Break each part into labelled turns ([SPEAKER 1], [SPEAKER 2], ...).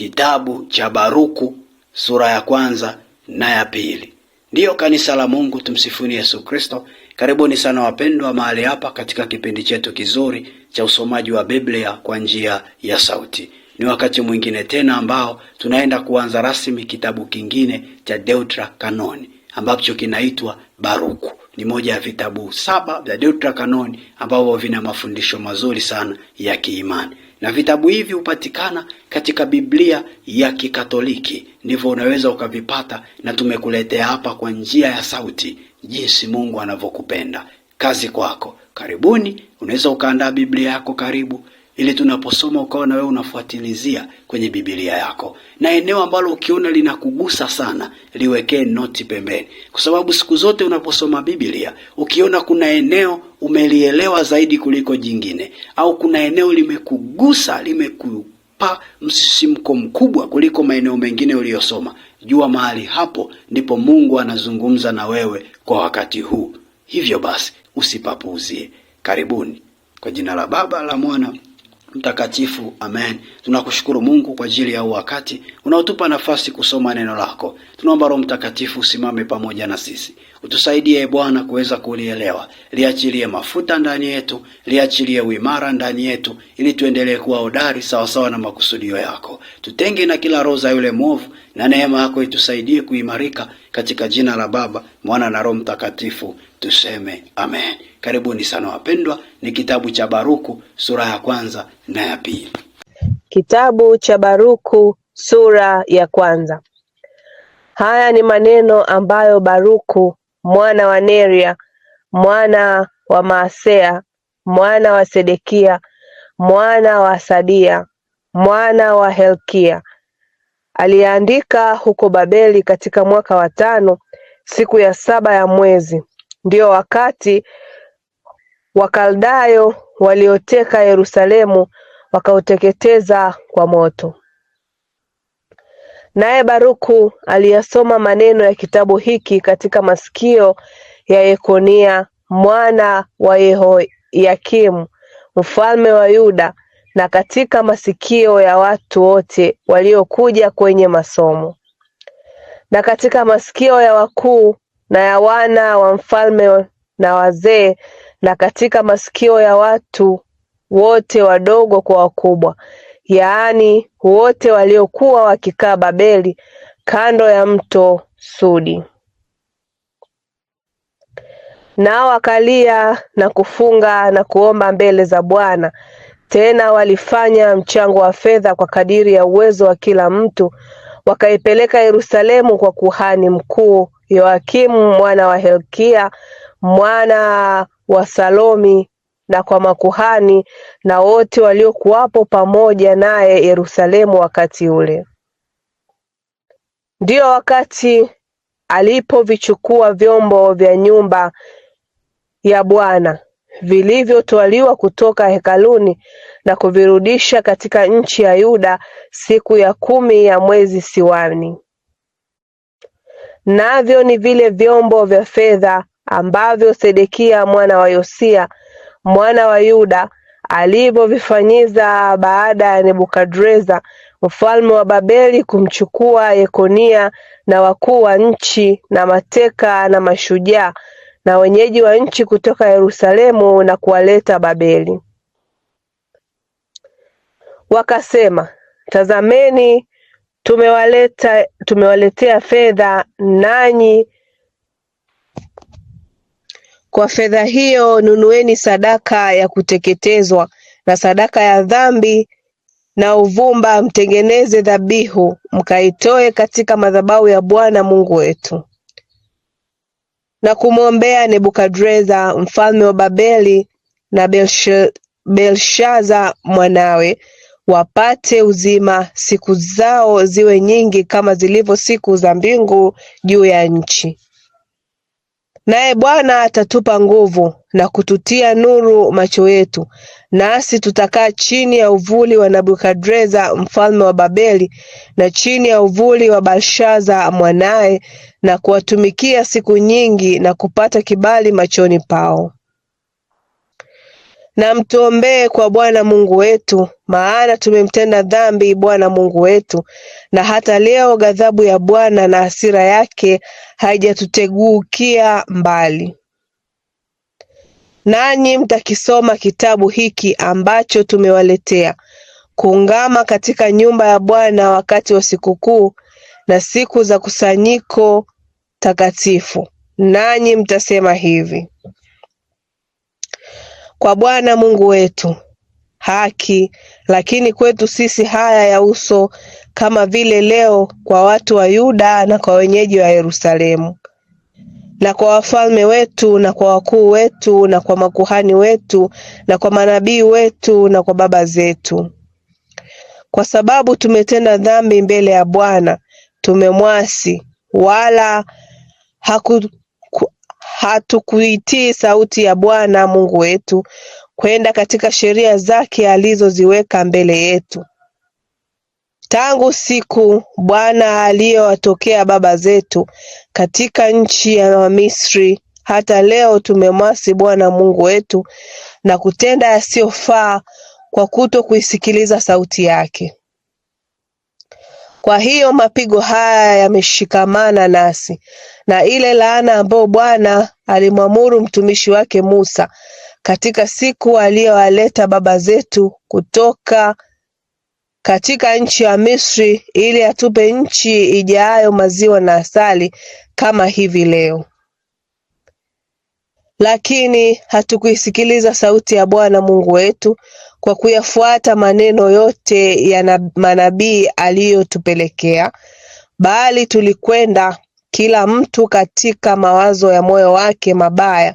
[SPEAKER 1] kitabu cha Baruku sura ya kwanza na ya pili. Ndiyo kanisa la Mungu, tumsifuni Yesu Kristo. Karibuni sana wapendwa mahali hapa katika kipindi chetu kizuri cha usomaji wa Biblia kwa njia ya sauti. Ni wakati mwingine tena ambao tunaenda kuanza rasmi kitabu kingine cha deutra Kanoni ambacho kinaitwa Baruku ni moja ya vitabu saba vya Deuterokanoni ambavyo vina mafundisho mazuri sana ya kiimani, na vitabu hivi hupatikana katika Biblia ya Kikatoliki, ndivyo unaweza ukavipata, na tumekuletea hapa kwa njia ya sauti jinsi Mungu anavyokupenda. Kazi kwako. Karibuni, unaweza ukaandaa Biblia yako karibu ili tunaposoma ukawa na wewe unafuatilizia kwenye Biblia yako, na eneo ambalo ukiona linakugusa sana liwekee noti pembeni, kwa sababu siku zote unaposoma Biblia ukiona kuna eneo umelielewa zaidi kuliko jingine, au kuna eneo limekugusa limekupa msisimko mkubwa kuliko maeneo mengine uliyosoma, jua mahali hapo ndipo Mungu anazungumza na wewe kwa wakati huu. Hivyo basi usipapuzie Karibuni kwa jina la Baba la Mwana mtakatifu. Amen. Tunakushukuru Mungu kwa ajili ya wakati unaotupa nafasi kusoma neno lako. Tunaomba Roho Mtakatifu usimame pamoja na sisi, utusaidie Bwana kuweza kulielewa. Liachilie mafuta ndani yetu, liachilie uimara ndani yetu, ili tuendelee kuwa hodari sawasawa na makusudio yako. Tutenge na kila roho za yule mwovu, na neema yako itusaidie kuimarika, katika jina la Baba, Mwana na Roho Mtakatifu tuseme amen. Karibuni sana wapendwa, ni kitabu cha Baruku sura ya kwanza na ya pili.
[SPEAKER 2] Kitabu cha Baruku sura ya kwanza. Haya ni maneno ambayo Baruku mwana wa Neria mwana wa Maasea mwana wa Sedekia mwana wa Sadia mwana wa Helkia aliyeandika huko Babeli katika mwaka wa tano siku ya saba ya mwezi ndio wakati Wakaldayo walioteka Yerusalemu wakauteketeza kwa moto. Naye Baruku aliyasoma maneno ya kitabu hiki katika masikio ya Yekonia mwana wa Yehoyakimu mfalme wa Yuda na katika masikio ya watu wote waliokuja kwenye masomo na katika masikio ya wakuu na ya wana wa mfalme na wazee, na katika masikio ya watu wote wadogo kwa wakubwa, yaani wote waliokuwa wakikaa Babeli kando ya mto Sudi. Nao wakalia na kufunga na kuomba mbele za Bwana. Tena walifanya mchango wa fedha kwa kadiri ya uwezo wa kila mtu, wakaipeleka Yerusalemu kwa kuhani mkuu Yoakimu mwana wa Helkia mwana wa Salomi na kwa makuhani na wote waliokuwapo pamoja naye Yerusalemu wakati ule. Ndiyo wakati alipovichukua vyombo vya nyumba ya Bwana vilivyotwaliwa kutoka hekaluni na kuvirudisha katika nchi ya Yuda siku ya kumi ya mwezi Siwani navyo ni vile vyombo vya fedha ambavyo Sedekia mwana wa Yosia mwana wa Yuda alivyovifanyiza baada ya Nebukadreza mfalme wa Babeli kumchukua Yekonia na wakuu wa nchi na mateka na mashujaa na wenyeji wa nchi kutoka Yerusalemu na kuwaleta Babeli. Wakasema, tazameni tumewaleta tumewaletea fedha nanyi kwa fedha hiyo nunueni sadaka ya kuteketezwa na sadaka ya dhambi na uvumba, mtengeneze dhabihu mkaitoe katika madhabahu ya Bwana Mungu wetu, na kumwombea Nebukadreza mfalme wa Babeli na Belshaza mwanawe wapate uzima, siku zao ziwe nyingi kama zilivyo siku za mbingu juu ya nchi. Naye Bwana atatupa nguvu na kututia nuru macho yetu, nasi tutakaa chini ya uvuli wa nabukadreza mfalme wa Babeli na chini ya uvuli wa balshaza mwanaye, na kuwatumikia siku nyingi na kupata kibali machoni pao na mtuombee kwa Bwana Mungu wetu, maana tumemtenda dhambi Bwana Mungu wetu, na hata leo ghadhabu ya Bwana na hasira yake haijatutegukia mbali. Nanyi mtakisoma kitabu hiki ambacho tumewaletea, kuungama katika nyumba ya Bwana wakati wa sikukuu na siku za kusanyiko takatifu, nanyi mtasema hivi: kwa Bwana Mungu wetu haki, lakini kwetu sisi haya ya uso, kama vile leo kwa watu wa Yuda na kwa wenyeji wa Yerusalemu, na kwa wafalme wetu na kwa wakuu wetu na kwa makuhani wetu na kwa manabii wetu na kwa baba zetu, kwa sababu tumetenda dhambi mbele ya Bwana, tumemwasi wala haku hatukuitii sauti ya Bwana Mungu wetu kwenda katika sheria zake alizoziweka mbele yetu tangu siku Bwana aliyowatokea baba zetu katika nchi ya Misri hata leo tumemwasi Bwana Mungu wetu na kutenda yasiyofaa kwa kuto kuisikiliza sauti yake. Kwa hiyo mapigo haya yameshikamana nasi na ile laana ambayo Bwana alimwamuru mtumishi wake Musa katika siku aliyowaleta baba zetu kutoka katika nchi ya Misri ili atupe nchi ijaayo maziwa na asali kama hivi leo. Lakini hatukuisikiliza sauti ya Bwana Mungu wetu kwa kuyafuata maneno yote ya manabii aliyotupelekea, bali tulikwenda kila mtu katika mawazo ya moyo wake mabaya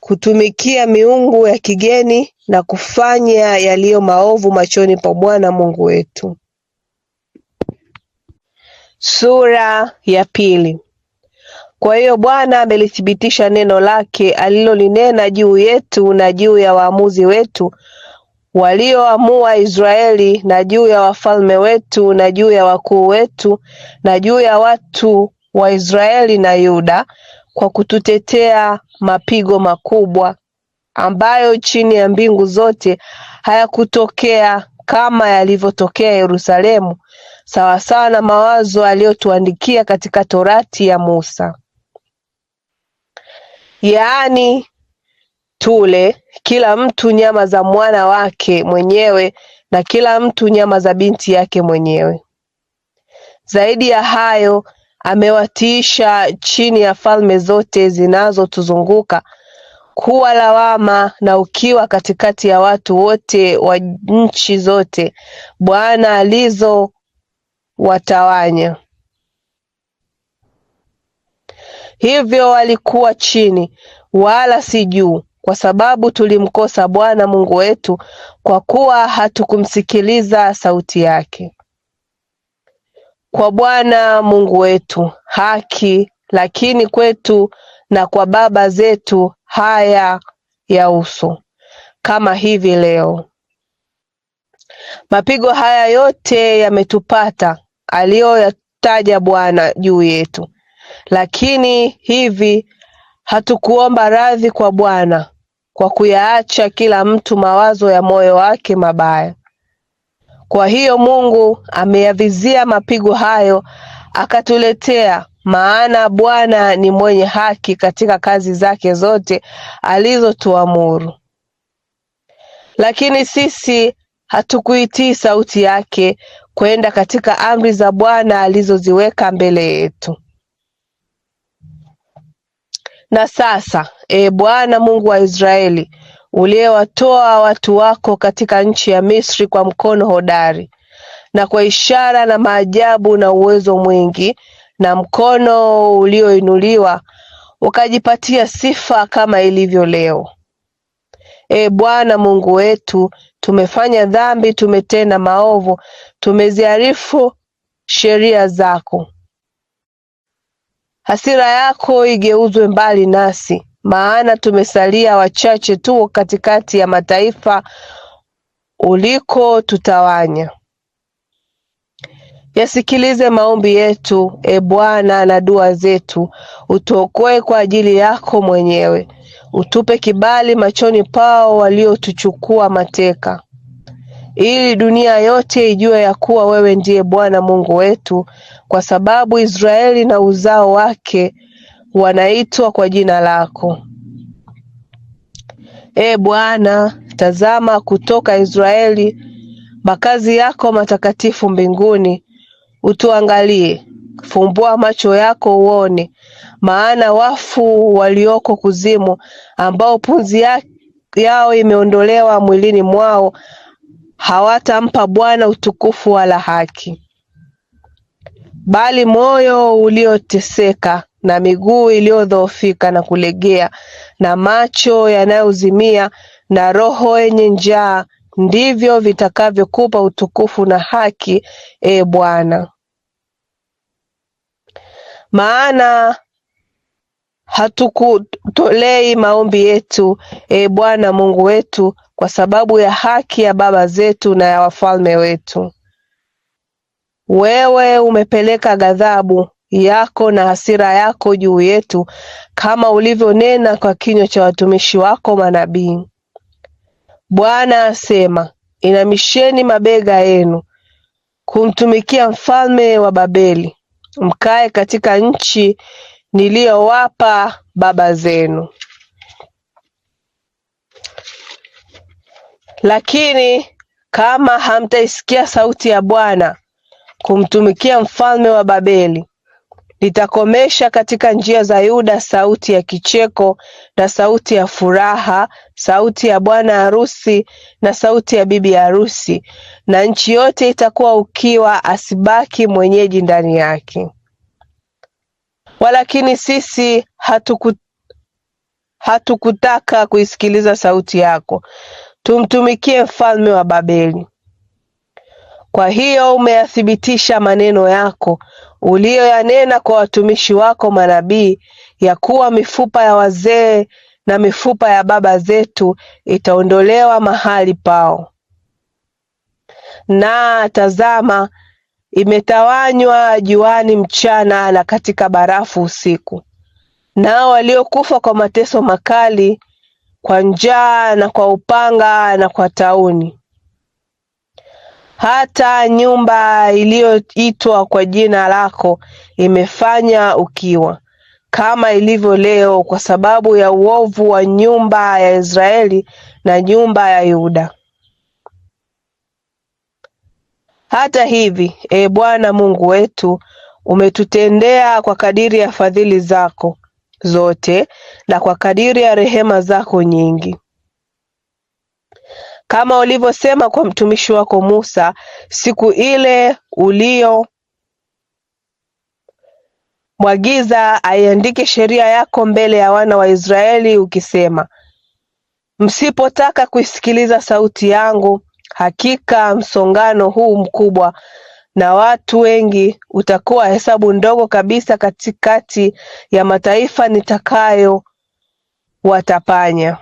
[SPEAKER 2] kutumikia miungu ya kigeni na kufanya yaliyo maovu machoni pa Bwana Mungu wetu. Sura ya pili. Kwa hiyo Bwana amelithibitisha neno lake alilolinena juu yetu na juu ya waamuzi wetu walioamua Israeli na juu ya wafalme wetu na juu ya wakuu wetu na juu ya watu wa Israeli na Yuda kwa kututetea mapigo makubwa ambayo chini ya mbingu zote hayakutokea kama yalivyotokea Yerusalemu, sawasawa na mawazo aliyotuandikia katika Torati ya Musa. Yaani tule kila mtu nyama za mwana wake mwenyewe na kila mtu nyama za binti yake mwenyewe. Zaidi ya hayo, amewatiisha chini ya falme zote zinazotuzunguka kuwa lawama na ukiwa katikati ya watu wote wa nchi zote Bwana alizowatawanya. Hivyo walikuwa chini, wala si juu, kwa sababu tulimkosa Bwana Mungu wetu, kwa kuwa hatukumsikiliza sauti yake kwa Bwana Mungu wetu haki, lakini kwetu na kwa baba zetu haya ya uso kama hivi leo. Mapigo haya yote yametupata aliyoyataja Bwana juu yetu, lakini hivi hatukuomba radhi kwa Bwana kwa kuyaacha kila mtu mawazo ya moyo wake mabaya, kwa hiyo Mungu ameyavizia mapigo hayo akatuletea maana Bwana ni mwenye haki katika kazi zake zote alizotuamuru. Lakini sisi hatukuitii sauti yake kwenda katika amri za Bwana alizoziweka mbele yetu. Na sasa, e Bwana Mungu wa Israeli, uliyewatoa watu wako katika nchi ya Misri kwa mkono hodari na kwa ishara na maajabu na uwezo mwingi na mkono ulioinuliwa, ukajipatia sifa kama ilivyo leo. e Bwana Mungu wetu, tumefanya dhambi, tumetenda maovu, tumeziharifu sheria zako. Hasira yako igeuzwe mbali nasi, maana tumesalia wachache tu katikati ya mataifa uliko tutawanya Yasikilize maombi yetu, e Bwana, na dua zetu. Utuokoe kwa ajili yako mwenyewe, utupe kibali machoni pao waliotuchukua mateka, ili dunia yote ijue ya kuwa wewe ndiye Bwana Mungu wetu, kwa sababu Israeli na uzao wake wanaitwa kwa jina lako. E Bwana, tazama kutoka Israeli, makazi yako matakatifu mbinguni, utuangalie, fumbua macho yako uone, maana wafu walioko kuzimu, ambao pumzi ya, yao imeondolewa mwilini mwao, hawatampa Bwana utukufu wala haki, bali moyo ulioteseka na miguu iliyodhoofika na kulegea, na macho yanayozimia na roho yenye njaa, ndivyo vitakavyokupa utukufu na haki, e Bwana. Maana hatukutolei maombi yetu, e Bwana Mungu wetu, kwa sababu ya haki ya baba zetu na ya wafalme wetu. Wewe umepeleka ghadhabu yako na hasira yako juu yetu, kama ulivyonena kwa kinywa cha watumishi wako manabii. Bwana asema, inamisheni mabega yenu kumtumikia mfalme wa Babeli, mkae katika nchi niliyowapa baba zenu. Lakini kama hamtaisikia sauti ya Bwana kumtumikia mfalme wa Babeli, Nitakomesha katika njia za Yuda sauti ya kicheko na sauti ya furaha, sauti ya bwana harusi na sauti ya bibi harusi, na nchi yote itakuwa ukiwa, asibaki mwenyeji ndani yake. Walakini sisi hatuku hatukutaka kuisikiliza sauti yako, tumtumikie mfalme wa Babeli. Kwa hiyo umeyathibitisha maneno yako uliyoyanena kwa watumishi wako manabii, ya kuwa mifupa ya wazee na mifupa ya baba zetu itaondolewa mahali pao. Na tazama, imetawanywa juani mchana na katika barafu usiku. Nao waliokufa kwa mateso makali, kwa njaa na kwa upanga na kwa tauni, hata nyumba iliyoitwa kwa jina lako imefanya ukiwa, kama ilivyo leo, kwa sababu ya uovu wa nyumba ya Israeli na nyumba ya Yuda. Hata hivi, e Bwana Mungu wetu, umetutendea kwa kadiri ya fadhili zako zote na kwa kadiri ya rehema zako nyingi kama ulivyosema kwa mtumishi wako Musa siku ile mwagiza aiandike sheria yako mbele ya wana wa Israeli ukisema, msipotaka kuisikiliza sauti yangu, hakika msongano huu mkubwa na watu wengi utakuwa hesabu ndogo kabisa katikati ya mataifa nitakayo watapanya.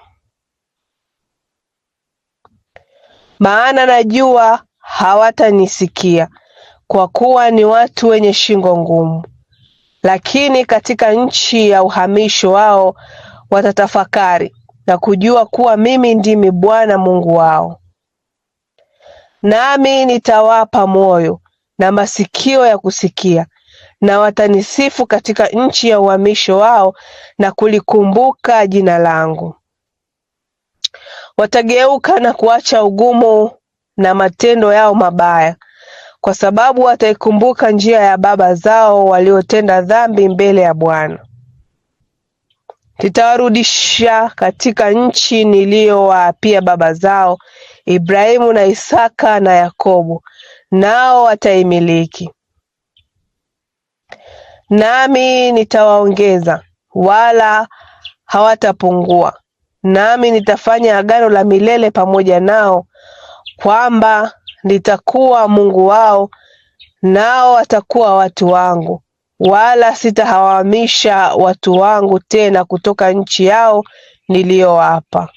[SPEAKER 2] Maana najua hawatanisikia, kwa kuwa ni watu wenye shingo ngumu. Lakini katika nchi ya uhamisho wao watatafakari na kujua kuwa mimi ndimi Bwana Mungu wao. Nami nitawapa moyo na masikio ya kusikia, na watanisifu katika nchi ya uhamisho wao, na kulikumbuka jina langu. Watageuka na kuacha ugumu na matendo yao mabaya kwa sababu wataikumbuka njia ya baba zao waliotenda dhambi mbele ya Bwana. Nitawarudisha katika nchi niliyowaapia baba zao Ibrahimu na Isaka na Yakobo, nao wataimiliki. Nami nitawaongeza wala hawatapungua nami nitafanya agano la milele pamoja nao, kwamba nitakuwa Mungu wao, nao watakuwa watu wangu, wala sitahawamisha watu wangu tena kutoka nchi yao niliyowapa.